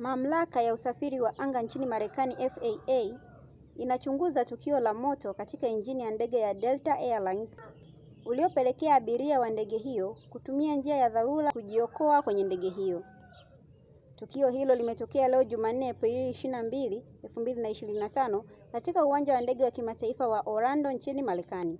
Mamlaka ya usafiri wa anga nchini Marekani FAA inachunguza tukio la moto katika injini ya ndege ya Delta Air Lines uliopelekea abiria wa ndege hiyo kutumia njia ya dharura kujiokoa kwenye ndege hiyo. Tukio hilo limetokea leo Jumanne Aprili 22, 2025 katika uwanja wa ndege wa kimataifa wa Orlando nchini Marekani.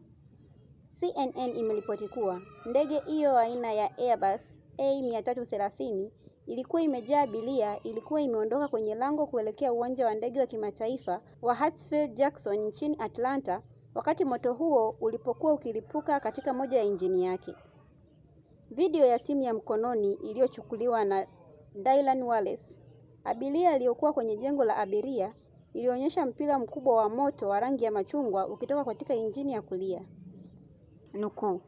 CNN imeripoti kuwa ndege hiyo aina ya Airbus A330 ilikuwa imejaa abiria ilikuwa imeondoka kwenye lango kuelekea uwanja wa ndege wa kimataifa wa Hartsfield-Jackson nchini Atlanta wakati moto huo ulipokuwa ukilipuka katika moja ya injini yake. Video ya simu ya mkononi iliyochukuliwa na Dylan Wallace, abiria aliyokuwa kwenye jengo la abiria, ilionyesha mpira mkubwa wa moto wa rangi ya machungwa ukitoka katika injini ya kulia. Nukuu,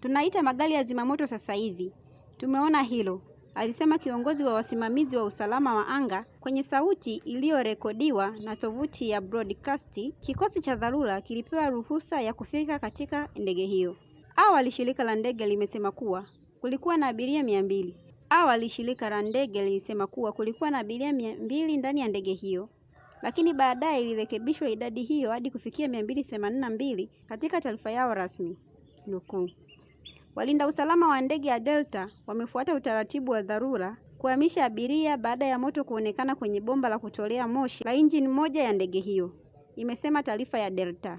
tunaita magari ya zimamoto sasa hivi, tumeona hilo, alisema kiongozi wa wasimamizi wa usalama wa anga kwenye sauti iliyorekodiwa na tovuti ya broadcast. Kikosi cha dharura kilipewa ruhusa ya kufika katika ndege hiyo. Awali shirika la ndege limesema kuwa kulikuwa na abiria mia mbili. Awali shirika la ndege lilisema kuwa kulikuwa na abiria mia mbili ndani ya ndege hiyo, lakini baadaye ilirekebishwa idadi hiyo hadi kufikia mia mbili themanini na mbili katika taarifa yao rasmi. Nukuu, Walinda usalama wa ndege ya Delta wamefuata utaratibu wa dharura kuhamisha abiria baada ya moto kuonekana kwenye bomba la kutolea moshi la injini moja ya ndege hiyo, imesema taarifa ya Delta.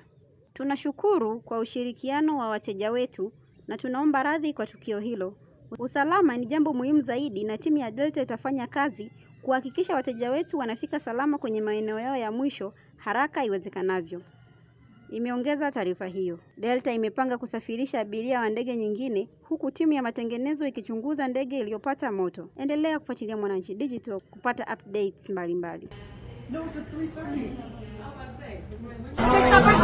Tunashukuru kwa ushirikiano wa wateja wetu na tunaomba radhi kwa tukio hilo. Usalama ni jambo muhimu zaidi na timu ya Delta itafanya kazi kuhakikisha wateja wetu wanafika salama kwenye maeneo yao ya mwisho haraka iwezekanavyo imeongeza taarifa hiyo. Delta imepanga kusafirisha abiria wa ndege nyingine huku timu ya matengenezo ikichunguza ndege iliyopata moto. Endelea kufuatilia Mwananchi Digital kupata updates mbalimbali mbali. No,